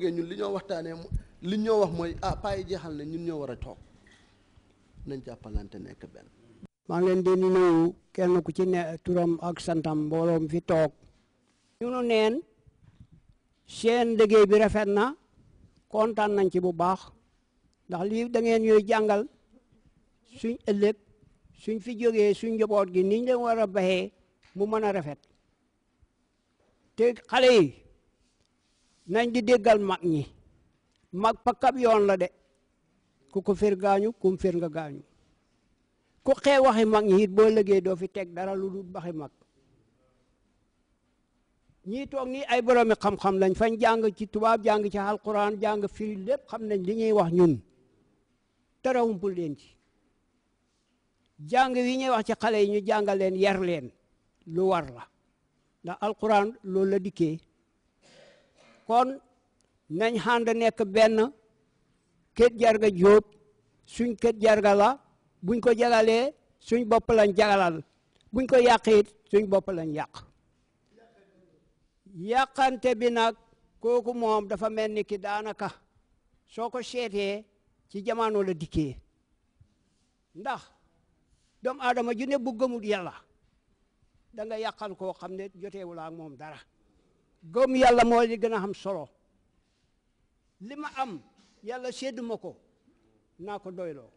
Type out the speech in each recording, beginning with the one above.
bëggee ñun li ñoo waxtaanee li ñoo wax mooy a ah, paa yi jeexal na ñun ñoo war a toog nañ jàppalante nekk benn. maa ngi leen di nuyu kenn ku ci ne turam ak santam mbooloom fi toog. ñu neen seen liggéey bi rafet na kontaan nañ ci bu baax ndax lii da ngeen ñuy jàngal suñ ëllëg suñ fi jógee suñ njaboot gi niñ leen war a baxee mu mën a rafet te xale yi. nañ di déggal mag ñi mag pakab yoon la de ku ko fër gaañu kum fër nga gaañu ku xee waxi mag ñi it boo liggéey doo fi teg dara lu dul baxi mag ñii toog nii ay boromi xam-xam lañ fañ jàng ci tubaab jàng ci alquran jàng firi lépp xam nañ li ñuy wax ñun tarawumpul leen ci jàng wi ñuy wax ci xale yi ñu jàngal leen yar leen lu war la ndax alquran loolu la dikkee kon nañ xànd nekk benn kët jarga jóob suñ kët jarga la buñ ko jagalee suñ bopp lañ jagalal buñ ko yàq suñ bopp lañ yàq yàqante bi nag kooku moom dafa mel ni ki daanaka soo ko seetee ci jamono la dikkee ndax doomu aadama ju ne bu gëmul yàlla danga nga yàqal koo xam ne joteewul ak moom dara gëm yàlla moo li gën a am solo li ma am yàlla seddu ma ko naa ko doyloo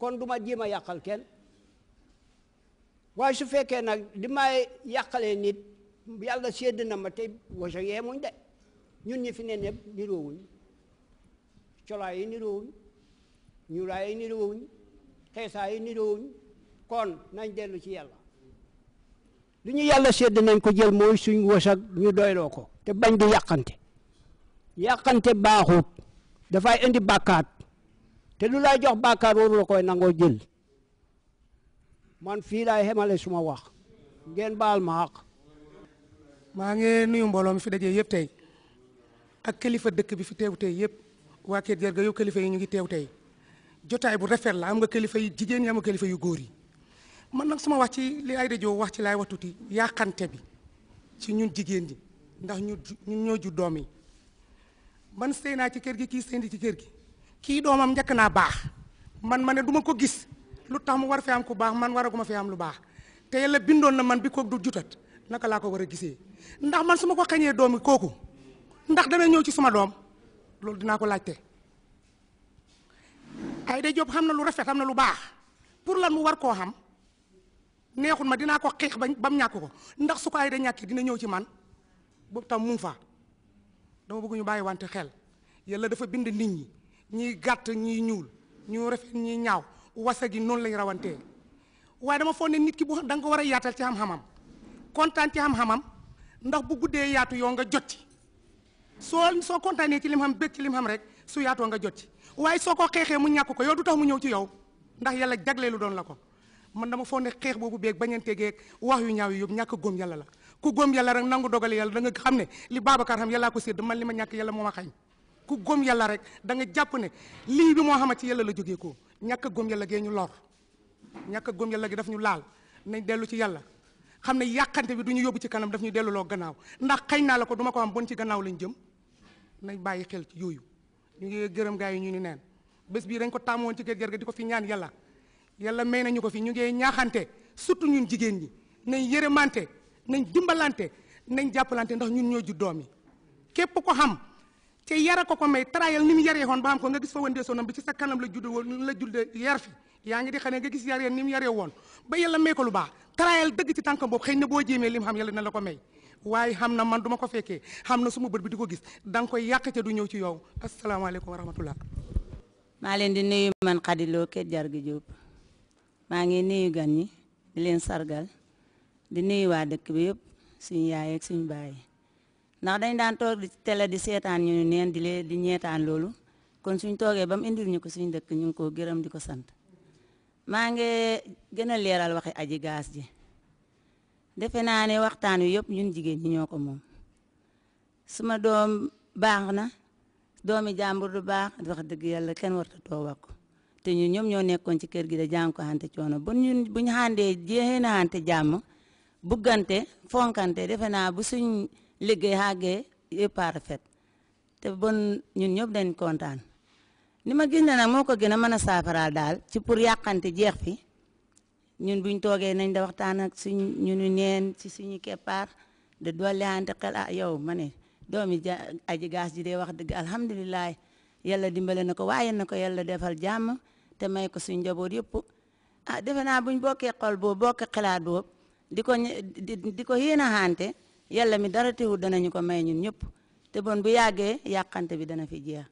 kon duma ma jéem a yàqal kenn waaye su fekkee nag li may yàqalee nit yàlla sedd na ma te waso yee muñ de ñun ñi fi ne ñëpp niroowuñ colaa yi niroowuñ ñuulaa yi niroowuñ xeesaa yi niroowuñ kon nañ dellu ci yàlla lu ñu yàlla sedd nañ ko jël mooy suñ wasak ñu doyloo ko te bañ di yàqante yàqante baaxut dafay indi bàkkaat te lu lay jox bàkkaat waru la koy nangoo jël man fii laay xemale suma wax ngeen baal ma maa ngi nuyu mbooloo mi fi dajee yëpp tey ak kilifa dëkk bi fi teew tey yëpp waa Kër Jarga yow kilifa yi ñu ngi teew tey jotaay bu rafet la am nga kilifa yi jigéen ñi am nga kilifa yu góor yi man nag suma wax ci li ay rajo wax ci laay wax tuuti yàqante bi ci ñun jigéen ñi ndax ñu ñun ñoo ju doom yi man sëy naa ci kër gi kii sëy ci kër gi kii doomam njëkk naa baax man ma ne du ma ko gis lu tax mu war fee am ku baax man waraguma fee am lu baax te yàlla bindoon na man bi kook du naka laa ko war a gisee ndax man su ma ko xañee doom kooku ndax dana ñëw ci suma doom loolu dinaa ko laajte Aïda Diop xam na lu rafet xam na lu baax pour lan mu war koo xam neexul ma dinaa ko xeex ba bam ñàkk ko ndax su ko ay da ñàkki dina ñëw ci man boobu tam mu ngi faa dama bëgg ñu bàyyi wante xel yàlla dafa bind nit ñi ñiy gàtt ñiy ñuul ñu rafet ñiy ñaaw wasa gi noonu lañ rawantee waaye dama foog ne nit ki bu da nga ko war a yaatal ci xam-xamam kontaan ci xam-xamam ndax bu guddee yaatu yoo nga jot ci soo soo kontaanee ci lim xam bëgg ci lim xam rek su yaatoo nga jot ci waaye soo ko xeexee mu ñàkk ko yow du tax mu ñëw ci yow ndax yàlla jagleelu doon la man dama foog ne xeex boobu beeg bañante geeg wax yu ñaaw yi yëpp ñàkk góom yàlla la ku góom yàlla rek nangu dogale yàlla da nga xam ne li Babacar xam yàllaa ko sédd man li ma ñàkk yàlla moo ma xañ ku góom yàlla rek danga jàpp ne lii bi moo xama ci yàlla la jógee ko ñàkk góom yàlla gee ñu lor ñàkk góom yàlla gi daf ñu laal nañ dellu ci yàlla xam ne yàqante bi du ñu yóbbu ci kanam daf ñu delluloo gannaaw ndax xañ naa la ko du ko am bon ci gannaaw lañ jëm nañ bàyyi ci yooyu ñu ngi gërëm gaa yi ñu ni neen bés bii dañ ko tàmmoon ci gër gër di ko fi ñaan yàlla yàlla may nañu ko fi ñu ngee ñaaxante surtout ñun jigéen ñi nañ yërëmante nañ dimbalante nañ jàppalante ndax ñun ñoo ju doom yi képp ko xam te yara ko ko may ni mu yaree woon ba xam ko nga gis fa wëndee sonam bi ci sa kanam la judd woon la judd yar di xam ne nga gis yaree ni mu yaree woon ba yàlla may ko lu baax tarayal dëgg ci tànkam boobu xëy na boo jéemee lim xam yàlla na la ko may waaye xam na man duma ko fekkee xam na suma bët bi di ko gis da nga koy yàq te du ñëw ci yow asalaamaaleykum wa rahmatullah maa leen di nuyu man Khady Lo Kër Jargi Diop maa ngi nuyu gan ñi di leen sargal di nuyu waa dëkk bi yëpp suñ yaay ak suñu baay ndax dañ daan toog di télé di seetaan ñu neen di leen di ñeetaan loolu kon suñ toogee ba mu indil ñu ko suñu dëkk ñu ngi koo gërëm di ko sant maa ngi gën a leeral waxi aji gaas ji defe naa ne waxtaan wi yëpp ñun jigéen ñi ñoo ko moom suma doom baax na doomi jàmbur du baax wax dëgg yàlla kenn warta too wax ko te ñun ñoom ñoo nekkoon ci kër gi da jàng ko xante coono bu ñun bu ñu xaandee jeexee na xante jàmm buggante fonkante defe naa bu suñ liggéey xàggee yëpp parfait te bon ñun ñëpp dañ kontaan ni ma gis ne moo ko gën a mën a saafaraal daal ci pour yàqante jeex fi ñun buñ toogee nañ da waxtaan ak suñ ñunu neen ci suñu keppaar de dolli xante xel ah yow ma ne doomi ja aji gaas ji de wax dëgg alhamdulilah yàlla dimbale na ko waaye na ko yàlla defal jàmm te may ko suñ njaboot yëpp ah defe naa buñ bokkee xol boobu bokkee xalaat boobu di ko di ko yéen a xaante yàlla mi dara teewul danañu ko may ñun ñëpp te bon bu yàggee yàqante bi dana fi jeex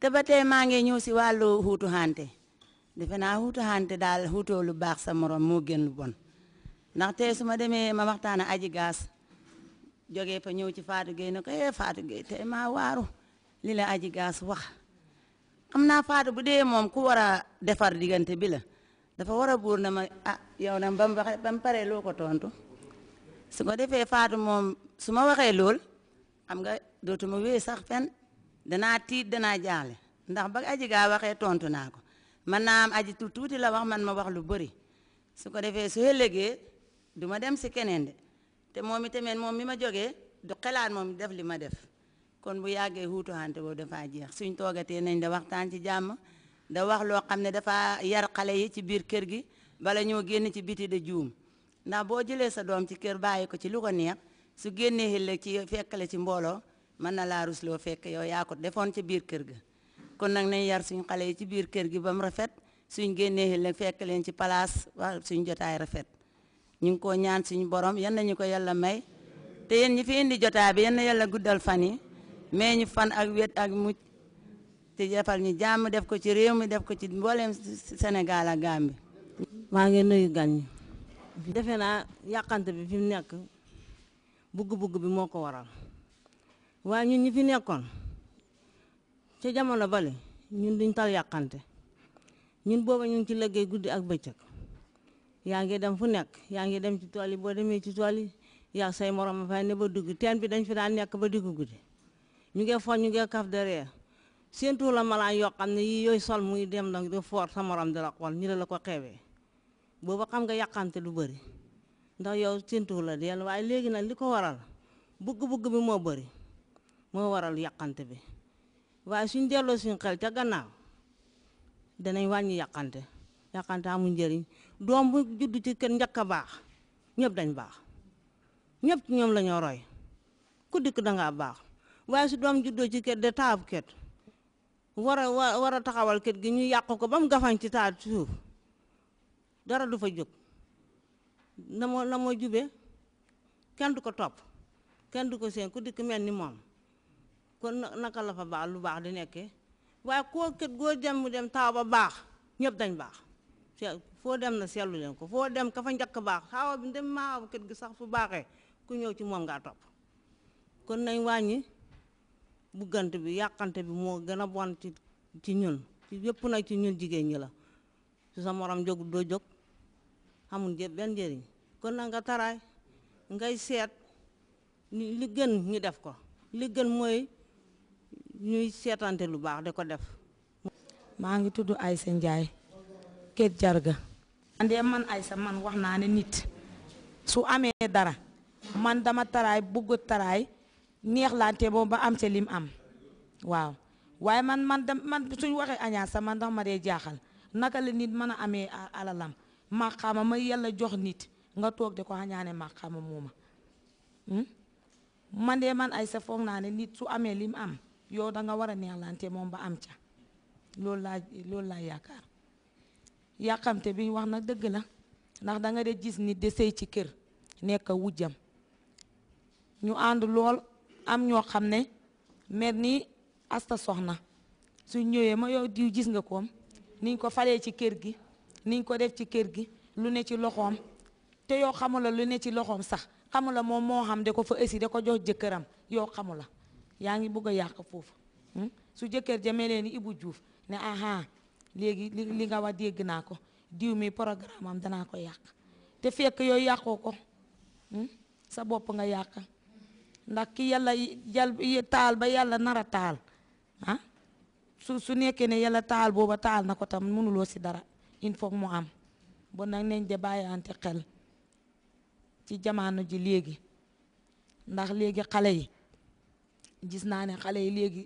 te ba tey maa ngi ñëw si wàllu huutu defe naa huutu xaante daal huutoo lu baax sa morom moo gën lu bon ndax su ma demee ma waxtaan aji gaas jógee fa ñëw ci Fatou Gueye ne ko eh Fatou Gueye tey maa waaru li la aji su wax xam naa faatu bu dee moom ku war a defar diggante bi la dafa war a buur na ma ah yow nag bam waxe pare loo ko tontu su ko defee faatu moom su ma waxee lool xam nga dootuma wéy sax fen danaa tiit danaa jaaxle ndax ba aji gaa waxee tontu naa ko man naa am aji tu tuuti la wax man ma wax lu bari su ko defee su ëllëgee du ma dem si keneen de te moom itamit moom mi ma jógee du xelaat moom def li ma def kon bu yàggee xuutuxante boobu dafa jeex suñ toogatee nañ da waxtaan ci jàmm da wax loo xam ne dafa yar xale yi ci biir kër gi bala ñoo génn ci biti de juum ndax boo jëlee sa doom ci kër bàyyi ko ci lu ko neex su génne xel ci fekkale ci mbooloo mën na laa rusloo fekk yow yaa ko defoon ci biir kër ga kon nag nañ yar suñ xale yi ci biir kër gi ba mu rafet suñ génnee xel fekk leen ci place waa suñ jotaay rafet ñu ngi ko ñaan suñu borom yan nañu ko yàlla may te yéen guddal fan yi mee ñu fan ak wet ak muj te defal ñu jàmm def ko ci réew mi def ko ci mbooleem Sénégal ak Gambie. maa ngee nuyu gan ñi. defe naa yàqante bi fi mu nekk bug bugg bi moo ko waral waa ñun ñi fi nekkoon ca jamono bale ñun duñ tal yàqante ñun booba ñu ngi ci liggéey guddi ak bëccëg yaa ngi dem fu nekk yaa ngi dem ci tool yi boo demee ci tool yi yaa say morom fay ne ba dugg teen bi dañ fi daan nekk ba diggu guddi. ñu ngi fo ñu ngi kaf derrière surtout la malaan yoo xam ne yi yooyu sol muy dem nag di foor sa morom di la xool ñu la ko xeebee booba xam nga yàqante lu bari ndax yow surtout la deel waaye léegi nag li ko waral bugg-bugg bi moo bari moo waral yàqante bi waaye suñ delloo suñ xel ca gannaaw danañ wàññi yàqante yàqante amul njëriñ doom bu judd ci kër njëkk a baax ñëpp dañ baax ñëpp ci ñoom la ñoo roy ku dikk dangaa baax waaye si doom juddoo ci kër de taabu kër war a war a taxawal kër gi ñu yàq ko ba mu gafañ ci taat suuf dara du fa jóg na moo na moo jubee kenn du ko topp kenn du ko seen ku dikk mel ni moom kon naka la fa baax lu baax di nekkee waaye koo kër goo dem mu dem taaw ba baax ñëpp dañ baax foo dem na seetlu leen ko foo dem ka fa njëkk baax xaawa bi dem maawa kër gi sax fu baaxee ku ñëw ci moom ngaa topp kon nañ wàññi buggante bi yàqante bi moo gën a bon ci ñun ci yëpp nag ci ñun jigéen ñi la su sa morom jóg doo jóg xamul jë benn njëriñ kon na nga taraay ngay seet li ñu def ko li gën mooy ñuy seetante lu baax di ko def maa ngi tudd Aysa Njaay Kër Jarga andee man Aysa man wax naa ne nit su amee dara man dama taraay bugg taraay neexlante moom ba am ca lim am waaw waaye man man da man suñ waxee añaa sax man ndax ma dee jaaxal naka la nit mën a amee alalam maqaama ma yàlla jox nit nga toog di ko añaane maqaama mooma hmm? man de man ay sa foog naa ne nit su amee lim am yow da nga war a neexlante moom ba am ca loolu laa loolu laa yaakaar yàqamte bi wax na dëgg la ndax danga de gis nit de sëy ci kër nekk wujjam ñu ànd lool am ñoo xam ne mel ni asta soxna su ñëwee ma yow diw gis nga koom niñ ko falee ci kër gi niñ ko def ci kër gi lu ne ci loxoom te yow xamula lu ne ci loxoom sax xamula moom moo xam da ko fa ësi de ko jox jëkkëram yow xamula yaa ngi bugg a yàq foofu hmm? su jëkkër jamee leen ibu juuf ne aha léegi li nga wax dégg naa ko diw mi programme am danaa ko yàq te fekk yooyu yàqoo ko hmm? sa bopp nga yàq ndax ki yàlla jal taal ba yàlla nara taal ah su su nekkee ne yàlla taal booba taal na ko tam mënuloo si dara il faut mu am bon nag nañ de bàyyiante xel ci jamono ji léegi ndax léegi xale yi gis naa ne xale yi léegi